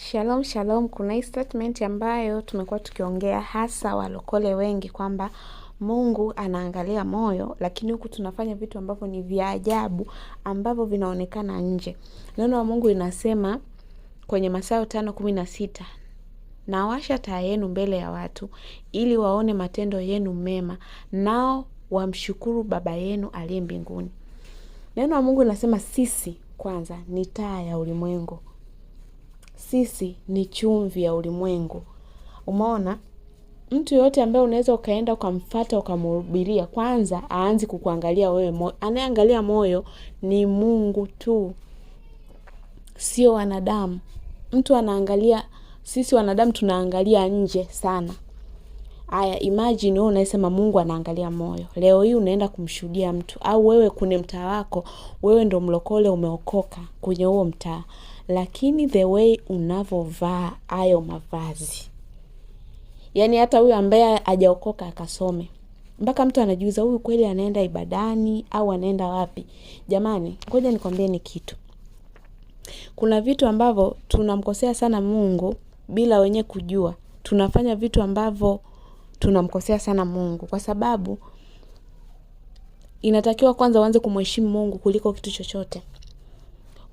Shalom shalom, kuna hii statement ambayo tumekuwa tukiongea hasa walokole wengi kwamba Mungu anaangalia moyo, lakini huku tunafanya vitu ambavyo ni vya ajabu ambavyo vinaonekana nje. Neno wa Mungu inasema kwenye Mathayo tano kumi na sita nawasha taa yenu mbele ya watu ili waone matendo yenu mema, nao wamshukuru Baba yenu aliye mbinguni. Neno wa Mungu inasema sisi kwanza ni taa ya ulimwengu sisi ni chumvi ya ulimwengu. Umeona, mtu yoyote ambaye unaweza ukaenda ukamfata ukamhubiria, kwanza aanzi kukuangalia wewe moyo. Anayeangalia moyo ni Mungu tu, sio wanadamu. Mtu anaangalia, sisi wanadamu tunaangalia nje sana. Aya, imagine wewe unasema Mungu anaangalia moyo. Leo hii unaenda kumshuhudia mtu, au wewe kune mtaa wako, wewe ndo mlokole umeokoka kwenye huo mtaa lakini the way unavovaa hayo mavazi, yani hata huyu ambaye hajaokoka akasome mpaka mtu anajiuza huyu kweli anaenda ibadani au anaenda wapi? Jamani, ngoja nikwambieni kitu. Kuna vitu ambavyo tunamkosea sana Mungu bila wenye kujua. Tunafanya vitu ambavyo tunamkosea sana Mungu, kwa sababu inatakiwa kwanza uanze kumheshimu Mungu kuliko kitu chochote.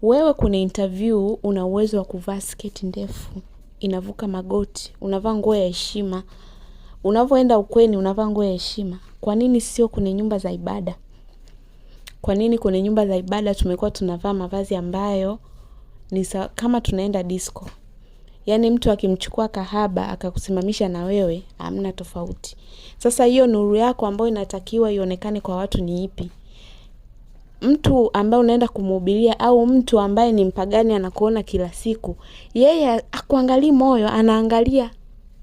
Wewe kuna interview una uwezo wa kuvaa sketi ndefu inavuka magoti, unavaa nguo ya heshima. Unavyoenda ukweni unavaa nguo ya heshima. Kwa nini sio kwenye nyumba za ibada? Kwa nini kwenye nyumba za ibada tumekuwa tunavaa mavazi ambayo ni kama tunaenda disco? Yaani mtu akimchukua kahaba akakusimamisha na wewe amna tofauti. Sasa hiyo nuru yako ambayo inatakiwa ionekane kwa watu ni ipi? mtu ambaye unaenda kumhubiria au mtu ambaye ni mpagani anakuona kila siku, yeye akuangalii moyo, anaangalia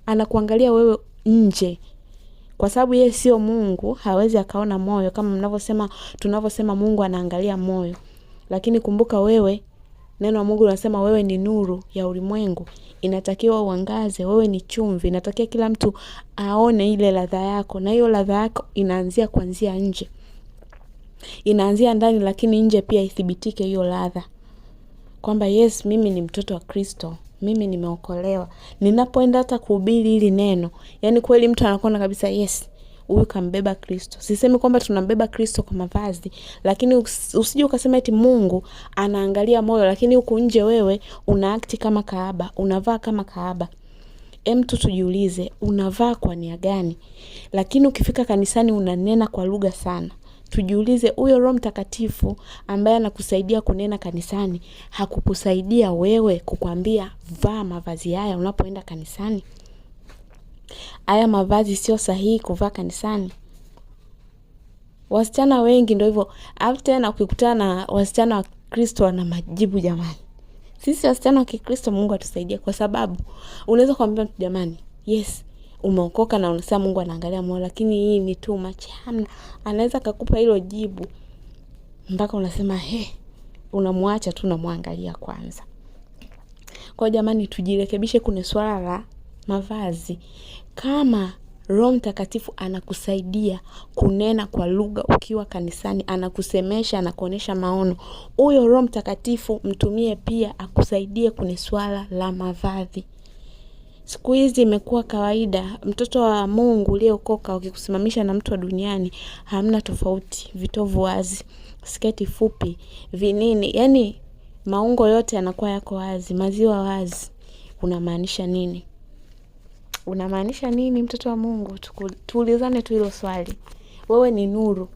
anakuangalia wewe nje, kwa sababu yeye sio Mungu, hawezi akaona moyo kama mnavyosema tunavyosema Mungu anaangalia moyo. Lakini kumbuka wewe, neno la Mungu linasema wewe ni nuru ya ulimwengu, inatakiwa uangaze. Wewe ni chumvi, inatakiwa kila mtu aone ile ladha yako, na hiyo ladha yako inaanzia kuanzia nje inaanzia ndani, lakini nje pia ithibitike hiyo ladha kwamba yes, mimi ni mtoto wa Kristo, mimi nimeokolewa. Ninapoenda hata kuhubiri hili neno, yani kweli mtu anakuona kabisa, yes huyu kambeba Kristo. Sisemi kwamba tunambeba Kristo kwa mavazi, lakini usije ukasema eti Mungu anaangalia moyo, lakini huku nje wewe una akti kama kaaba, unavaa kama kaaba. Em, tu tujiulize, unavaa kwa nia gani? Lakini ukifika kanisani unanena kwa lugha sana tujiulize, huyo Roho Mtakatifu ambaye anakusaidia kunena kanisani hakukusaidia wewe kukwambia vaa mavazi haya unapoenda kanisani? Haya mavazi sio sahihi kuvaa kanisani. Wasichana wengi ndo hivyo. tena ukikutana na wasichana wa Kristo wana majibu jamani. Sisi wasichana wa Kikristo Mungu atusaidie kwa sababu unaweza kuambia mtu jamani, yes, umeokoka na unasema Mungu anaangalia moyo, lakini hii ni too much. Hamna, anaweza kakupa hilo jibu mpaka unasema he, unamwacha tu, namwangalia kwanza. Kwa jamani, tujirekebishe. Kuna swala la mavazi, kama Roho Mtakatifu anakusaidia kunena kwa lugha ukiwa kanisani, anakusemesha, anakuonyesha maono, huyo Roho Mtakatifu mtumie pia akusaidie kwenye swala la mavazi. Siku hizi imekuwa kawaida, mtoto wa Mungu uliokoka ukikusimamisha na mtu wa duniani hamna tofauti. Vitovu wazi, sketi fupi, vinini, yani maungo yote yanakuwa yako wazi, maziwa wazi. Unamaanisha nini? Unamaanisha nini, mtoto wa Mungu? Tuulizane tu hilo swali. Wewe ni nuru.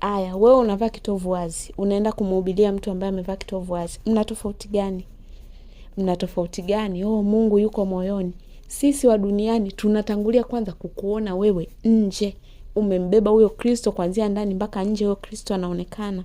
Aya, wewe unavaa kitovu wazi, unaenda kumhubiria mtu ambaye amevaa kitovu wazi, mna tofauti gani? mna tofauti gani? Oh, Mungu yuko moyoni. Sisi wa duniani tunatangulia kwanza kukuona wewe nje, umembeba huyo Kristo kwanzia ndani mpaka nje, huyo Kristo anaonekana.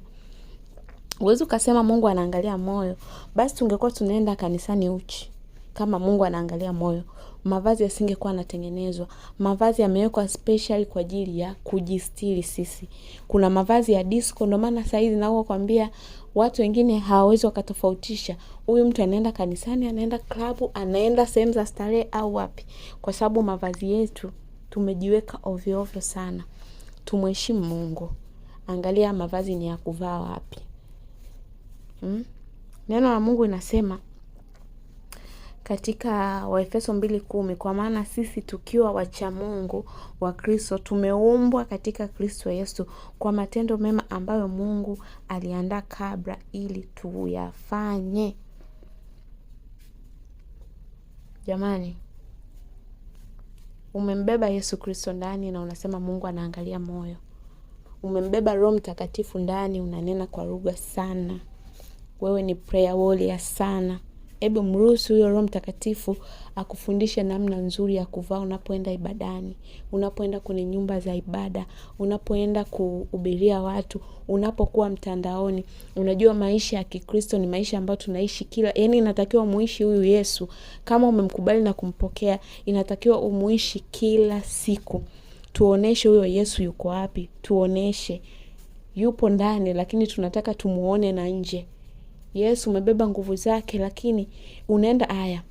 Uwezi ukasema Mungu anaangalia moyo, basi tungekuwa tunaenda kanisani uchi kama Mungu anaangalia moyo, mavazi yasingekuwa yanatengenezwa. Mavazi yamewekwa special kwa ajili ya kujistiri sisi. Kuna mavazi ya disco, ndio maana saa nakwambia watu wengine hawawezi wakatofautisha, huyu mtu anaenda kanisani, anaenda klabu, anaenda sehemu za starehe au wapi, kwa sababu mavazi yetu tumejiweka ovyo ovyo sana. Tumheshimu Mungu, angalia mavazi ni ya kuvaa wapi. Hmm? Neno la Mungu inasema katika Waefeso mbili kumi kwa maana sisi tukiwa wacha Mungu wa Kristo tumeumbwa katika Kristo Yesu kwa matendo mema ambayo Mungu aliandaa kabla ili tuyafanye. Jamani, umembeba Yesu Kristo ndani na unasema Mungu anaangalia moyo. Umembeba Roho Mtakatifu ndani, unanena kwa lugha sana, wewe ni prayer warrior sana. Hebu mruhusu huyo Roho Mtakatifu akufundishe namna nzuri ya kuvaa unapoenda ibadani, unapoenda kwenye nyumba za ibada, unapoenda kuhubiria watu, unapokuwa mtandaoni. Unajua maisha ya Kikristo ni maisha ambayo tunaishi kila, yani inatakiwa muishi huyu Yesu. Kama umemkubali na kumpokea, inatakiwa umuishi kila siku. Tuoneshe huyo Yesu yuko wapi, tuoneshe yupo ndani, lakini tunataka tumuone na nje yesu umebeba nguvu zake, lakini unaenda aya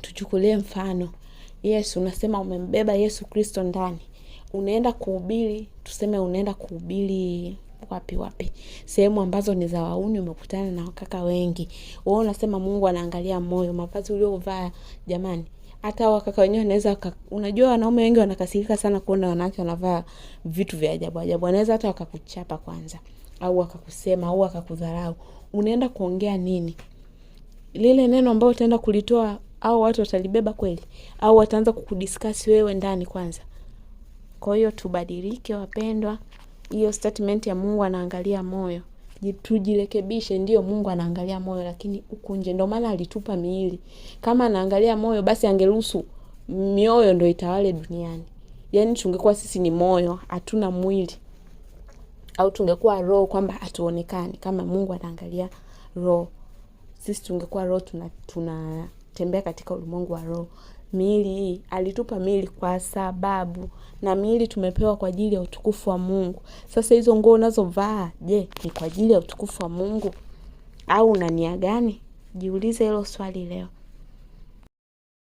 tuchukulie mfano. yesu unasema umembeba Yesu Kristo ndani, unaenda kuhubiri, tuseme unaenda kuhubiri wapi wapi, sehemu ambazo ni za wauni, umekutana na wakaka wengi, wewe unasema Mungu anaangalia moyo, mavazi uliovaa, jamani hata wakaka wenyewe wanaweza, unajua wanaume wengi wanakasirika sana kuona wanawake wanavaa vitu vya ajabu ajabu, wanaweza hata wakakuchapa kwanza, au wakakusema au wakakudharau. Unaenda kuongea nini? Lile neno ambayo utaenda kulitoa, au watu watalibeba kweli, au wataanza kukudiskas wewe ndani kwanza? Kwa hiyo tubadilike wapendwa. Hiyo statement ya Mungu anaangalia moyo tujirekebishe. Ndio Mungu anaangalia moyo, lakini huku nje. Ndio maana alitupa miili. Kama anaangalia moyo, basi angeruhusu mioyo ndo itawale duniani. Yani tungekuwa sisi ni moyo, hatuna mwili, au tungekuwa roho, kwamba hatuonekani. Kama Mungu anaangalia roho, sisi tungekuwa roho, tunatembea tuna katika ulimwengu wa roho miili hii, alitupa miili kwa sababu, na miili tumepewa kwa ajili ya utukufu wa Mungu. Sasa hizo nguo unazovaa, je, ni kwa ajili ya utukufu wa Mungu au una nia gani? Jiulize hilo swali leo.